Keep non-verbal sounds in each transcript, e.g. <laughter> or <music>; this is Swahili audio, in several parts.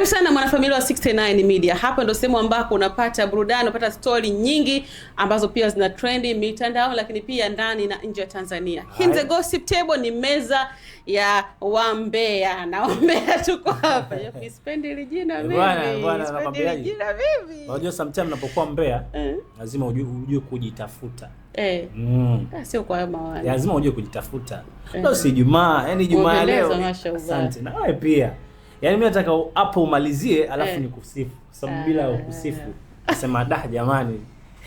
Karibu sana mwanafamilia wa 69 Media. Hapa ndo sehemu ambako unapata burudani, unapata stori nyingi ambazo pia zina trendi mitandao, lakini pia ndani na nje ya Tanzania. Hinze Gossip Table ni meza ya wambea na wambea, tuko hapa nispendi <laughs> hili eh, jina mimi, unajua sometimes unapokuwa mbea eh. eh. mm. ah, lazima ujue kujitafuta Eh. Mm. Sio kwa maana. Lazima ujue kujitafuta. Leo si Jumaa, yani Jumaa leo. Asante. Na wewe pia. Yaani mimi nataka hapo umalizie, alafu eh. nikusifu, kwa sababu eh. bila kusifu nasema dah, jamani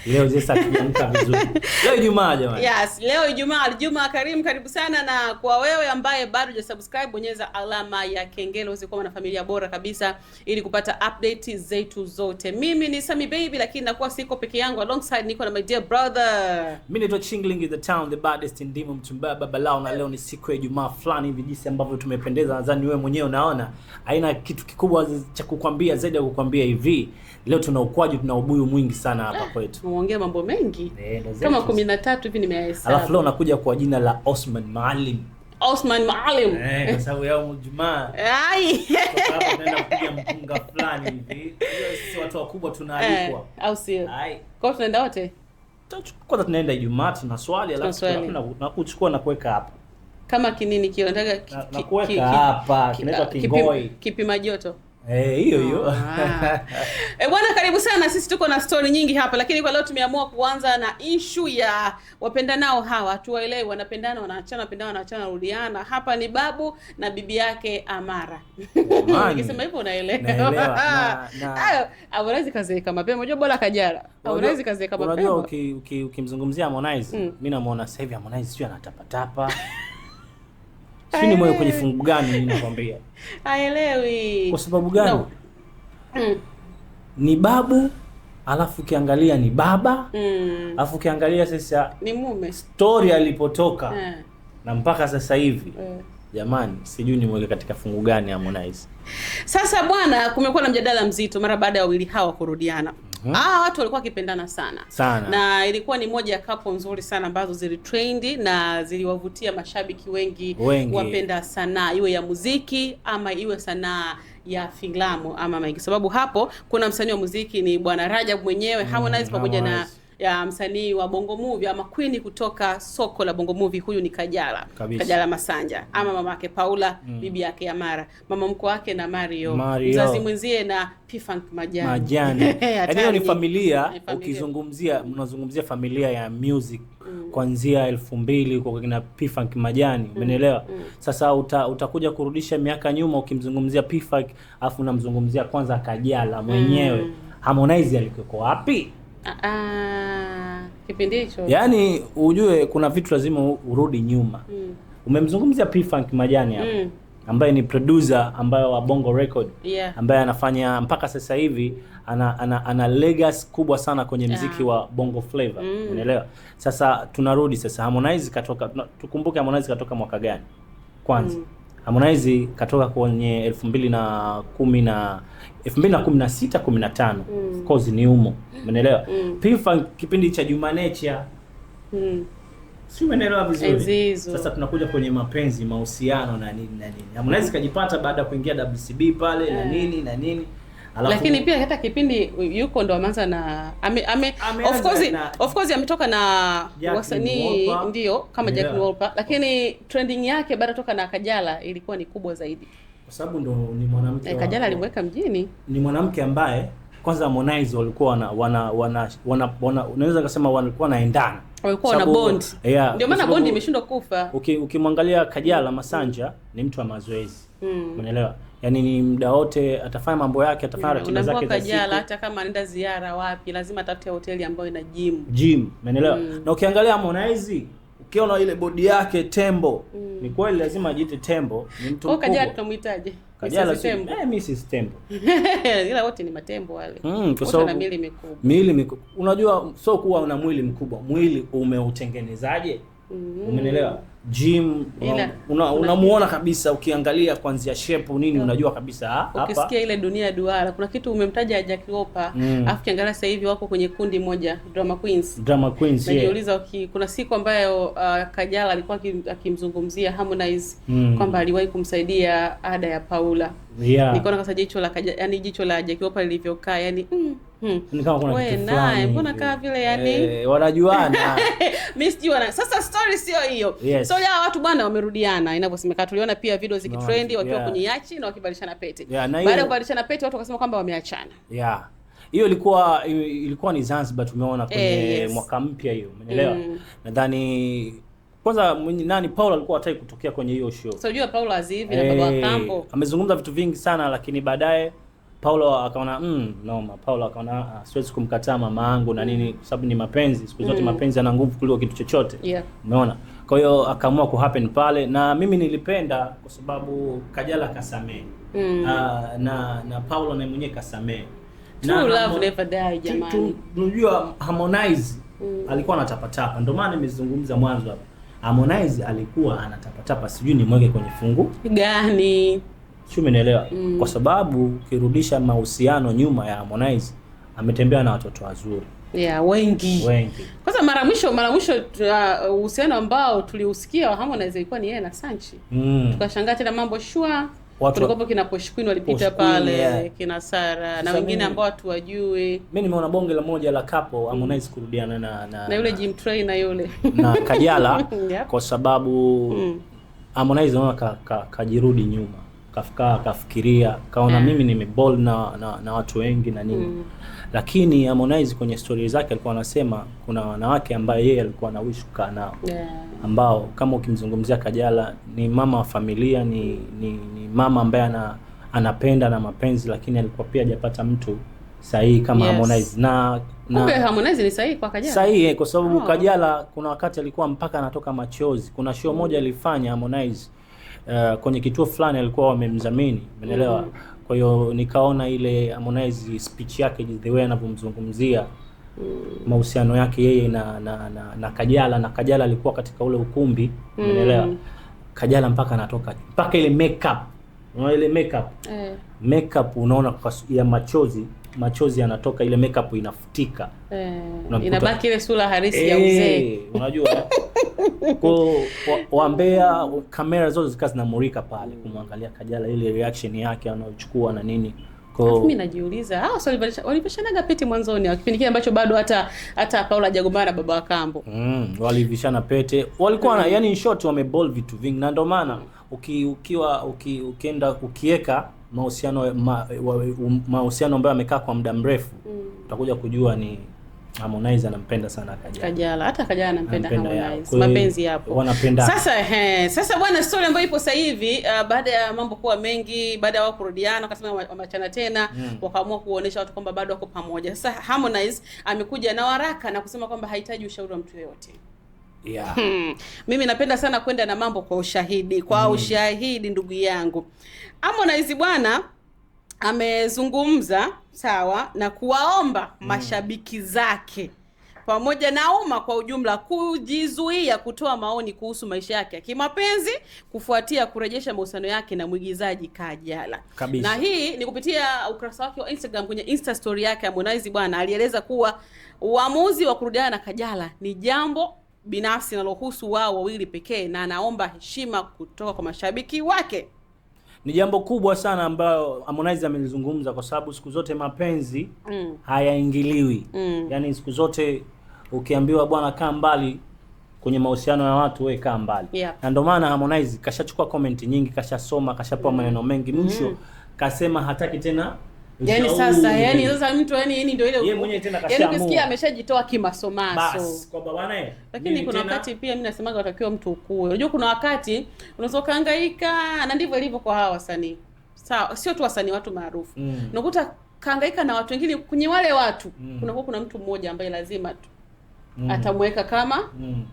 Leo sasa tumeamka vizuri. <laughs> Leo Ijumaa jamani. Yes, leo Ijumaa Aljuma karimu, karibu sana na kwa wewe ambaye bado hujasubscribe bonyeza alama ya kengele uweze kuwa familia bora kabisa ili kupata update zetu zote. Mimi ni Sami Baby lakini nakuwa siko peke yangu alongside niko na my dear brother. Mimi naitwa Chingling in the town the baddest in Dimo mchumbaa baba lao na leo ni siku ya Ijumaa fulani hivi jinsi ambavyo tumependeza nadhani wewe mwenyewe unaona. Haina kitu kikubwa cha kukwambia zaidi ya kukwambia hivi. Leo tuna ukwaju tuna ubuyu mwingi sana hapa ah, kwetu tumeongea mambo mengi yeah, kama kumi na tatu hivi nimehesabu. Alafu leo nakuja kwa jina la Osman Maalim. Osman Maalim. Eh, kwa sababu yao Jumaa. Ai. Tunaenda kupiga mpunga fulani hivi. Sisi watu wakubwa tunaalikwa. Eh, au sio? Ai. Kwa hiyo tunaenda wote. Kwanza tunaenda Ijumaa tuna swali alafu tunakuchukua na kuchukua na kuweka hapa. Kama kinini kionataka ki, ki, ki, ki, hapa kinaitwa kingoi. Kipima joto. Eh, hiyo hiyo <laughs> e, bwana karibu sana. Sisi tuko na stori nyingi hapa, lakini kwa leo tumeamua kuanza na issue ya wapendanao hawa. Tuwaelewe, wanapendana wanaachana, wanapendana wanaachana, rudiana. Hapa ni babu na bibi yake Amara. <laughs> Nikisema hivyo unaelewa, <laughs> hawezi kazeeka mapema. Unajua bora kajara, hawezi kazeeka mapema. Unajua ukimzungumzia Harmonize, mimi mm. namuona sasa hivi Harmonize sio anatapatapa Sio ni moyo kwenye eh. fungu gani nakwambia <laughs> Haelewi. Kwa sababu gani? No. Mm. Ni babu alafu ukiangalia ni baba mm. Alafu ukiangalia sasa ni mume. Story alipotoka yeah. na mpaka sasa hivi mm. Jamani, sijui nimweke katika fungu gani Harmonize. Sasa bwana, kumekuwa na mjadala mzito mara baada ya wawili hawa kurudiana. -hmm. Ah, watu walikuwa wakipendana sana. Sana. Na ilikuwa ni moja ya kapo nzuri sana ambazo zilitrend na ziliwavutia mashabiki wengi, wengi wapenda sanaa iwe ya muziki ama iwe sanaa ya filamu ama maigizo, sababu hapo kuna msanii wa muziki ni Bwana Rajab mwenyewe mm, Harmonize pamoja na ya msanii wa Bongo Movie ama Queen kutoka soko la Bongo Movie. Huyu ni Kajala Kabisa. Kajala Masanja ama mm. mama yake Paula mm. bibi yake Mara, mama mkwe wake na Mario, Mario. mzazi mwenzie na P-Funk Majani Majani eneo <laughs> yaani ni familia, familia. Ukizungumzia mnazungumzia familia ya music mm. kuanzia elfu mbili kwa kina P-Funk Majani umeelewa? mm. mm. Sasa uta, utakuja kurudisha miaka nyuma ukimzungumzia P-Funk afu unamzungumzia kwanza Kajala mwenyewe mm. Harmonize alikuwa wapi? Ah, ah, kipindi hicho. Yaani ujue kuna vitu lazima urudi nyuma. Mm. Umemzungumzia P Funk Majani hapo. Mm. Ambaye ni producer ambaye wa Bongo Record yeah. Ambaye anafanya mpaka sasa hivi ana, ana, ana legacy kubwa sana kwenye ah. mziki yeah. wa Bongo Flavor mm. Unaelewa? Sasa tunarudi sasa Harmonize katoka, tukumbuke Harmonize katoka mwaka gani kwanza? mm. Harmonize katoka kwenye elfu mbili na kumi na 2016 15 mm. of course ni humo, umeelewa mm. Pifa kipindi cha Juma Nature mm. si umeelewa vizuri. Sasa tunakuja kwenye mapenzi, mahusiano na nini na nini. Harmonize mm. kajipata baada ya kuingia WCB pale yeah. na eh. nini na nini Alafu, lakini pia hata kipindi yuko ndo ameanza na ame, ame, ame of course na, of course ametoka na wasanii ndio kama yeah. Jack Wolper lakini trending yake baada toka na Kajala ilikuwa ni kubwa zaidi kwa sababu ndo ni mwanamke e, Kajala alimweka mjini, ni mwanamke ambaye kwanza Harmonize walikuwa wana wana wana, wana, wana unaweza kusema walikuwa wanaendana, walikuwa wana bond yeah, ndio maana bond imeshindwa kufa. Okay, ukimwangalia Kajala Masanja ni mtu wa mazoezi mm. Unaelewa, yani ni muda wote atafanya mambo yake, atafanya ratiba zake za siku. Hata kama anaenda ziara wapi, lazima atafute hoteli ambayo ina gym gym, umeelewa mm. Na ukiangalia Harmonize ukiona ile bodi yake tembo mm. Ni kweli lazima ajiite tembo, ni mtu mkubwa. kaja tunamhitaje? kaja si tembo, eh, Mrs tembo, <laughs> ila wote ni matembo wale mm, kwa sababu miili mikubwa, miili mikubwa. Unajua, sio kuwa una mwili mkubwa, mwili umeutengenezaje? mm. Umenielewa? gym unamuona una, una kabisa ukiangalia kuanzia shape nini mm. Unajua kabisa ah, hapa ukisikia ile dunia ya duara kuna kitu umemtaja Jack Ropa mm. Afu kiangalia sasa hivi wako kwenye kundi moja Drama Queens, Drama Queens najiuliza yeah. Kuna siku ambayo uh, Kajala alikuwa akimzungumzia Harmonize mm. kwamba aliwahi kumsaidia ada ya Paula yeah. Nikaona kasa jicho la Kajala, yani jicho la Jack Ropa lilivyokaa yani mm hmm. Yaani kama kuna kitu fulani mbona kama vile yani e, eh, wanajuana mimi <laughs> sijui wana sasa story sio hiyo yes. story ya watu bwana wamerudiana inavyosemekana tuliona pia video zikitrend no, wakiwa yeah. kwenye yachi na wakibadilishana pete yeah, baada ya kubadilishana pete watu wakasema kwamba wameachana yeah hiyo ilikuwa ilikuwa ni Zanzibar tumeona kwenye eh, yes. mwaka mpya hiyo umeelewa mm. nadhani kwanza mwenye nani Paul alikuwa hataki kutokea kwenye hiyo show. So, jua Paul azivi hey, na baba wa eh, Kambo amezungumza vitu vingi sana lakini baadaye Paulo akaona mm, noma. Paulo akaona ah, siwezi kumkataa mama yangu na nini, kwa sababu ni mapenzi. Siku zote mm. mapenzi yana nguvu kuliko kitu chochote yeah. Umeona, kwa hiyo akaamua ku happen pale, na mimi nilipenda kwa sababu Kajala kasamee mm. na, ah, na na Paulo na mwenyewe kasamee na love never die jamani. tunajua Harmonize mm. alikuwa anatapatapa, ndio maana nimezungumza mwanzo hapa. Harmonize alikuwa anatapatapa, sijui nimweke kwenye fungu gani sio, umeelewa? mm. Kwa sababu ukirudisha mahusiano nyuma ya Harmonize ametembea na watoto wazuri yeah, wengi wengi. Kwanza mara mwisho mara mwisho uh, uhusiano ambao tuliusikia wa Harmonize ilikuwa ni yeye na Sanchi mm. Tukashangaa tena mambo shua kulikopo kina Posh Queen walipita pale yeah. kina Sara na wengine ambao watu wajui. Mimi nimeona bonge la moja la kapo Harmonize mm. kurudiana na na, na yule gym na yule na Kajala <laughs> yeah. kwa sababu mm. Harmonize naona kajirudi ka, ka nyuma kafikaa kafikiria kaona mm. mimi nime bold na, na, na watu wengi na nini mm. Lakini Harmonize kwenye story zake alikuwa anasema kuna wanawake ambaye yeye alikuwa na wish kukaa nao yeah. ambao kama ukimzungumzia Kajala ni mama wa familia, ni ni, ni mama ambaye ana, anapenda na mapenzi, lakini alikuwa pia hajapata mtu sahihi kama yes. Harmonize na na Harmonize ni sahihi kwa Kajala. Sahihi eh, kwa sababu oh. Kajala kuna wakati alikuwa mpaka anatoka machozi. Kuna show mm. moja alifanya Harmonize uh, kwenye kituo fulani alikuwa wamemdhamini, umeelewa? mm -hmm. Kwa hiyo nikaona ile Harmonize speech yake the way anavyomzungumzia mm. mahusiano yake yeye na na, na na Kajala na Kajala alikuwa katika ule ukumbi umeelewa? mm. Kajala mpaka anatoka mpaka ile makeup, unaona ile makeup eh. makeup unaona ya machozi machozi yanatoka, ile makeup inafutika eh, inabaki ile sura halisi eh, ya uzee unajua kwa waambea kamera zote zikawa zinamurika pale kumwangalia Kajala, ile reaction yake anayochukua na nini. Mimi najiuliza ah, hao walivishanaga pete mwanzoni wa kipindi kile ambacho bado hata hata Paula hajagombana na baba wa kambo. Mm, walivishana pete walikuwa na mm. Yani in short wamebol vitu vingi, na ndio maana uki, ukiwa uki, ukienda ukieka mahusiano mahusiano ambayo amekaa kwa muda mrefu mm. utakuja kujua ni Harmonize anampenda sana Kajala. Kajala hata Kajala anampenda Harmonize. Mapenzi yapo. Wanapenda. Sasa he, sasa bwana story ambayo ipo sasa hivi uh, baada ya mambo kuwa mengi, baada ya wao kurudiana wakasema wamachana tena, mm. wakaamua kuonesha watu kwamba bado wako pamoja. Sasa Harmonize amekuja na waraka na kusema kwamba hahitaji ushauri wa mtu yeyote. Yeah. Hmm. Mimi napenda sana kwenda na mambo kwa ushahidi kwa mm. ushahidi ndugu yangu. Harmonize bwana amezungumza sawa na kuwaomba mm. mashabiki zake pamoja na umma kwa ujumla kujizuia kutoa maoni kuhusu maisha yake ya kimapenzi kufuatia kurejesha mahusiano yake na mwigizaji Kajala. Kabisa. Na hii ni kupitia ukurasa wake wa Instagram kwenye Insta story yake Harmonize bwana alieleza kuwa uamuzi wa kurudiana na Kajala ni jambo binafsi linalohusu wao wawili pekee, na anaomba heshima kutoka kwa mashabiki wake. Ni jambo kubwa sana ambayo Harmonize amelizungumza, kwa sababu siku zote mapenzi mm. hayaingiliwi mm. Yaani siku zote ukiambiwa bwana, kaa mbali kwenye mahusiano ya watu, wewe kaa mbali yep. Na ndio maana Harmonize kashachukua comment nyingi, kashasoma, kashapewa mm. maneno mengi, mwisho mm. kasema hataki tena Yani sasa yaani sasa mtu yaani yani ndio ile yeye mwenyewe tena kashamu. Yaani ukisikia ameshajitoa kimasomaso. Bas, kwamba bwana eh. Lakini kuna wakati pia mimi nasemaga watakiwa mtu ukue. Unajua kuna wakati unaweza kahangaika na ndivyo ilivyo kwa hawa wasanii. Sawa, sio tu wasanii watu maarufu. Mm. Unakuta kahangaika na watu wengine kwenye wale watu. Mm. Kuna kuna mtu mmoja ambaye lazima tu mm. atamweka kama mm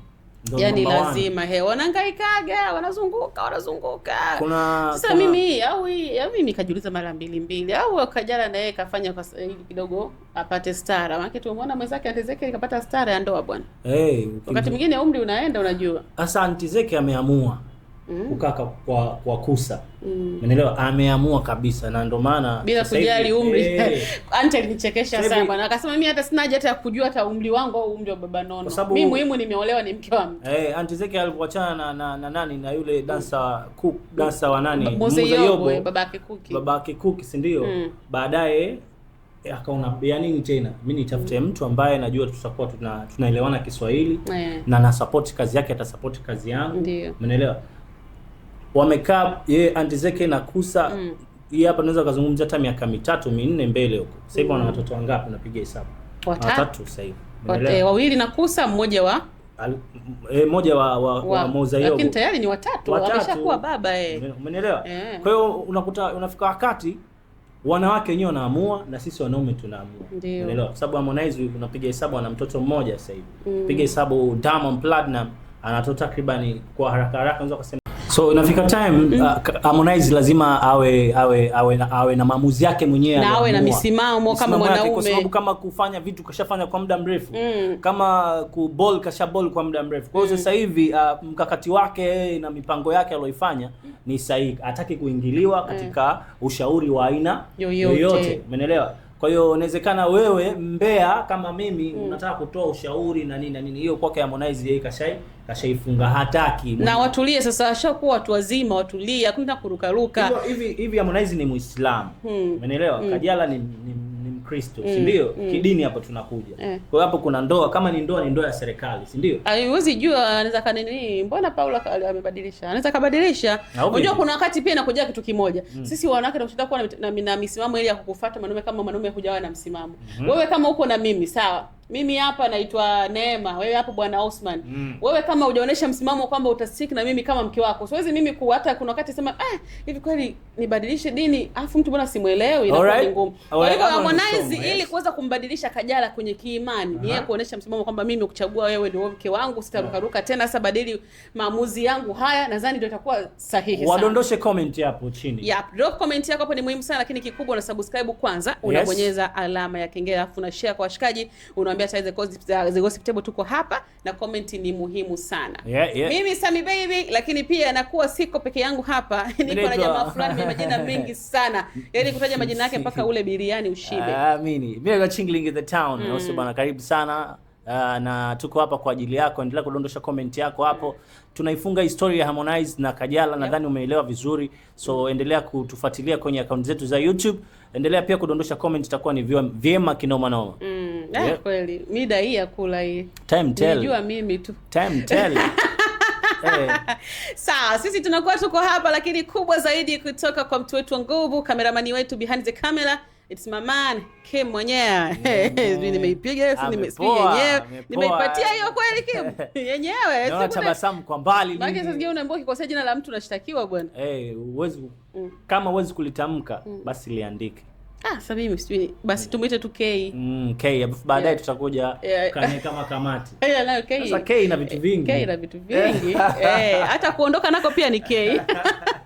yani lazima he wanangaikaga wanazunguka wanazunguka. Kuna sasa kuna... mimi au au mimi kajiuliza mara mbili mbili, au akajana na yeye kafanya kwa eh, kidogo apate stara, maana tumeona mwenzake antizeke kapata stara ya ndoa bwana. Hey, wakati mwingine umri unaenda, unajua. Sasa Antezeke ameamua mm. kukaa kwa kwa kusa mm. Unaelewa, ameamua kabisa, na ndio maana bila kujali umri hey. Eh. <laughs> Ante alinichekesha sana bwana, akasema mimi hata sina hata ya kujua hata umri wangu au umri wa baba nono, mimi muhimu nimeolewa, ni mke wa mtu hey. Eh, Ante Zeki alipoachana na, na, na nani na yule mm. dansa mm. cook dansa wa nani Mzee Yobo, eh, babake Kuki, babake Kuki, si ndio? mm. baadaye akaona ya nini tena, mimi nitafute mm. mtu ambaye najua tutakuwa tuna, tunaelewana Kiswahili yeah. na na support kazi yake, atasupport kazi yangu, umeelewa? wamekaa yeye anti zake na Kusa mm. Yeye hapa naweza kuzungumzia hata miaka mitatu minne mbele huko. Sasa hivi wana mm. watoto wangapi? Napiga hesabu watatu sasa hivi e, wawili na Kusa mmoja wa e, eh, moja wa wa, wa, wa moza lakini tayari ni watatu, watatu. Ameshakuwa baba eh, umeelewa e. Kwa hiyo unakuta unafika wakati wanawake wenyewe wanaamua na sisi wanaume tunaamua, umeelewa? Kwa sababu Harmonize unapiga hesabu ana mtoto mmoja sasa hivi mm. piga hesabu Diamond Platinum ana watoto takribani, kwa haraka haraka unaweza kusema So inafika time mm. uh, lazima awe awe awe na, awe na maamuzi yake mwenyewe na awe na misimamo kama mwanaume, kwa sababu kama kufanya vitu kashafanya kwa muda mrefu mm. kama kasha ball kwa muda mrefu. Kwa hiyo mm. sasa hivi uh, mkakati wake na mipango yake aliyoifanya ni sahihi, hataki kuingiliwa mm. katika mm. ushauri wa aina yoyote, umeelewa? Kwa hiyo inawezekana wewe mm. mbea kama mimi mm. unataka kutoa ushauri na nini na nini, hiyo kwake Harmonize yeye kashai kashaifunga, hataki na watulie sasa, ashakuwa watu wazima, watulie, hakuna kurukaruka hivi hivi. Harmonize ni Muislamu, mm. umeelewa mm. Kajala ni, ni Mkristo mm, si ndio? Mm. Kidini hapo tunakuja eh. Kwa hiyo hapo kuna ndoa, kama ni ndoa ni ndoa ya serikali, si ndio? Haiwezi jua anaweza kanini, mbona Paulo amebadilisha, anaweza kabadilisha. Unajua kuna wakati pia inakuja kitu kimoja mm. Sisi wanawake tunashinda kuwa na, na, na, na misimamo ile ya kukufuata mwanaume kama mwanaume hujawa na msimamo mm -hmm. Wewe kama uko na mimi sawa mimi hapa naitwa Neema, wewe hapo bwana Osman. Mm. Wewe kama hujaonesha msimamo kwamba utastiki na mimi kama mke wako, siwezi mimi ku hata kuna wakati sema eh, hivi kweli nibadilishe dini, afu mtu bwana simuelewi na ni ngumu. Kwa hivyo Harmonize ili kuweza kumbadilisha Kajala kwenye kiimani, uh -huh. yeye kuonesha msimamo kwamba mimi kuchagua wewe ndio mke wangu, sitarukaruka uh -huh. tena sasa badili maamuzi yangu haya, nadhani ndio itakuwa sahihi sana. Wadondoshe comment hapo chini. Yep, drop comment yako hapo ni muhimu sana, lakini kikubwa na subscribe kwanza, unabonyeza yes. alama ya kengele afu na share kwa washikaji, una tunakuambia tayari the gossip the gossip table tuko hapa na comment ni muhimu sana. Yeah, yeah. Mimi Sami Baby lakini pia nakuwa siko peke yangu hapa. <laughs> Niko na jamaa fulani mwenye majina <laughs> mengi sana. Yaani kutaja majina yake mpaka ule biriani ushibe. Amini. Uh, mimi ni Chingling in the town. Mm. Nasi bwana karibu sana. Uh, na tuko hapa kwa ajili yako. Endelea kudondosha comment yako hapo. Tunaifunga historia ya Harmonize na Kajala, yep. Nadhani umeelewa vizuri, so endelea kutufuatilia kwenye akaunti zetu za YouTube. Endelea pia kudondosha comment, itakuwa ni vyema kinoma noma. Mm. Ah, yeah. Kweli mida hii ya kula hii, time tell, nijua mimi tu time tell Hey. <laughs> Eh. Sawa, sisi tunakuwa tuko hapa lakini kubwa zaidi kutoka kwa mtu wetu wa nguvu, kameramani wetu behind the camera. It's my man Kim mwenyewe. <laughs> Nimeipiga yenyewe. Nimeipatia hiyo kweli Kim. <laughs> Yenyewe. Naona tabasamu kwa mbali. Maana sasa hivi unaambiwa ukikosea jina la mtu unashtakiwa bwana. Eh, hey, uwezi mm. Kama uwezi kulitamka mm. basi liandike. Ah, Samimu sijui. Basi tumwite tu K. Mm, K. Baadaye yeah. Tutakuja yeah. Kanye kama kamati. Yeah, <laughs> na K. Sasa K ina vitu vingi. K ina vitu vingi. <laughs> Eh, hata kuondoka nako pia ni K. <laughs>